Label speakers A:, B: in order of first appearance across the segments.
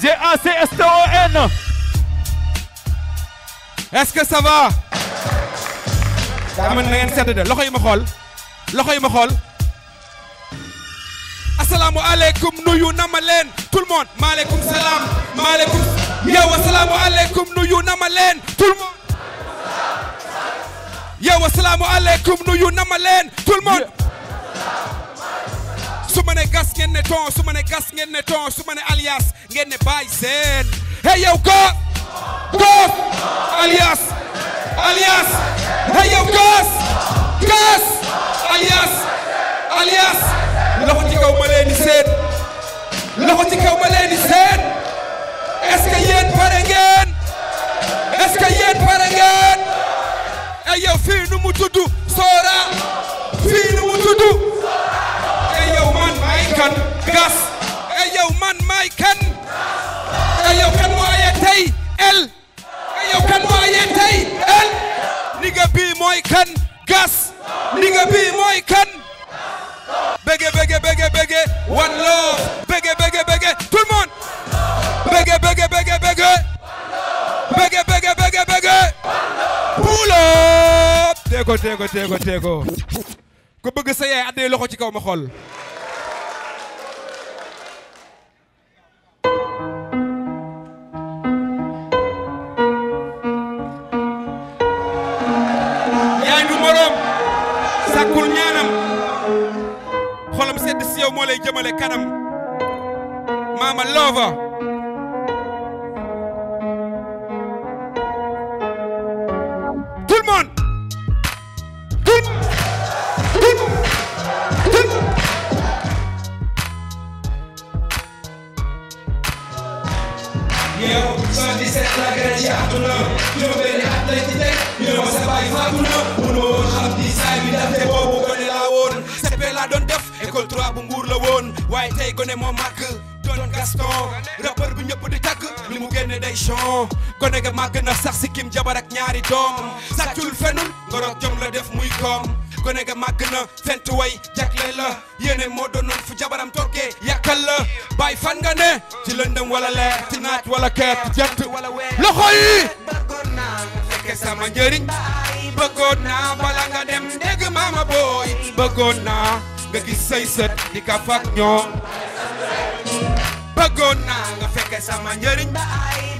A: G-A-C-S-T-O-N est-ce que na ngeen sedd loxo yi ma xool loxo yi ma xool. asalaamualeykum nuyu na ma leen tout le monde maaleykum salaam maaleykum yow asalaamualeykum nuyu na ma leen tout le yow asalaamualeykum nuyu na ma leen tout le monde. su ma ne gas ngeen ne ton su ne gas ngeen ne ton su ne alias ngeen ne bàyyi seen. hey yow góor. góor. alias. alias. hey yow seen. loxo ci kaw seen. est-ce mooy kan gas ndinga bi bëgg sa yaay addee loxo ci kaw ma xool sàkkul ñaanam xolam sedd si yow moo lay jëmale kanam Mama Lover yow soo di seet la gën a ci lycée boobu gone laa woon CP laa doon def école 3 bu mbuur la woon waaye tey gone moo màgg doon Gaston rappeur bu ñëpp di tàgg li mu génne day chon gone ga màgg na sax si kim jabar ak ñaari doom sàccul fenul ngoroog jom la def muy koom gone ga màgg na fent way jagle la yéene moo doonoon fu jabaram toggee yàkkal la bàyyi fan nga ne ci lëndëm wala leer ci naaj wala keet jant loxo mama booy bëggoon naa nga gis say sët di ka fak ñoom bëggoon naa nga fekke sama njëriñ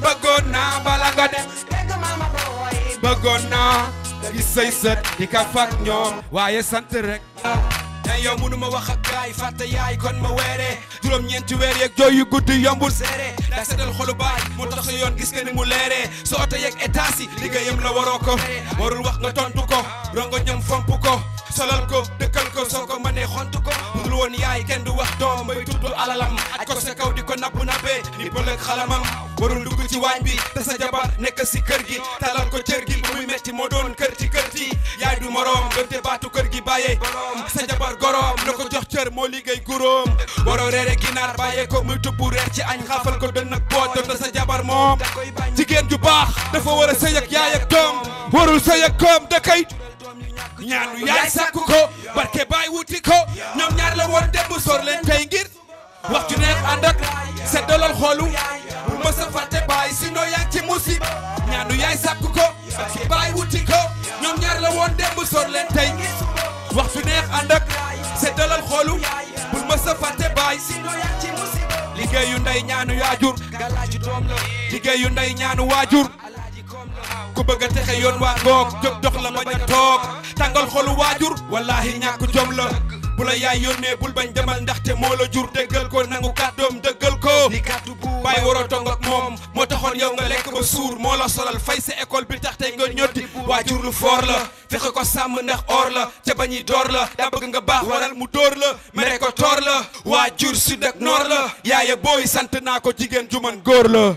A: bëggoon naa bala nga dem bëggoon say sët di ka fak ñoom waaye sant rek te yow mënu ma wax ak gaay fàtte yaay kon ma weeree juróom-ñeenti weer yeeg jooy yu guddi yombul seere daa seddal xolu baay moo yoon gis nga ni mu leeree soo oto yeeg état si liggéeyam la waroo ko warul wax nga tontu ko rongo ñam fomp solal ko dëkkal ko soo ko mënee xont ko budul woon yaay kenn du wax doom bay tudd alalam aj ko sa kaw di ko napp nappee ni bëlëg xalamam warul dugg ci waañ bi te jabar nekk si kër gi talal ko cër bu muy metti moo doon kër ci kër ci yaay du moroom donte baatu kër gi bàyyee sa jabar goroom na ko jox cër moo liggéey guróom waroo reere ginaar bàyyee ko muy tubbu reer ci añ xaafal ko dënn ak boot donte sa jabar moom jigéen ju baax dafa war a sëy ak yaay ak doom warul sëy ak koom da kay ñaanu yaay sàkku ko barke baay wuti ko ñoom ñaar la woon démb soor leen tey ngir wax ju neex ànd ak seddalal xoolu bu mës a fàtte baay si noo yaa ci musiba ñaanu yaay sàkku ko barke baay wuti ko ñoom ñaar la woon démb soor leen tey wax ju neex ànd ak seddalal xoolu bu mës a fàtte baay si noo yaa ci musiba liggéeyu ndey ñaanu yaajur galaaju doom la liggéeyu ndey ñaanu waajur ku bëgg texe yoon waa ngoog jóg dox la bañ a toog toogal xolu waajur wallaahi ñàkk jom la bu la yaay yónnee bul bañ demal ndaxte moo la jur déggal ko nangu kàddoom dëggal ko li kàddu bu bàyyi waroo ak moom moo taxoon yow nga lekk ba suur moo la solal fay sa école bi tax tey nga ñotti waajur lu foor la fexe ko sàmm ndax or la ca bañi door la daa bëgg nga baax waral mu dóor la mere ko toor la waajur si ak noor la yaaya booy sant naa ko jigéen ju man góor la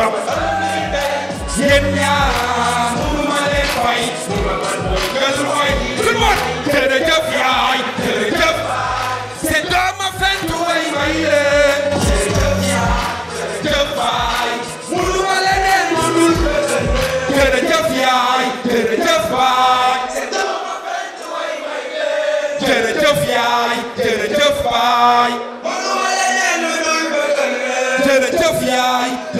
A: boppam yéen ñaar munu ma leen fay gëstu mooy lu mot jërëjëf yaay jërëjëf c'est dooma fentu way may leen jërëjëf yaay jërëjëf baay munu ma leen mënul jërëjëf yaay jërëjëf baay c'est dooma fentu way may leen jërëjëf yaay jërëjëf baay munu ma leen mënul jërëjëf yaay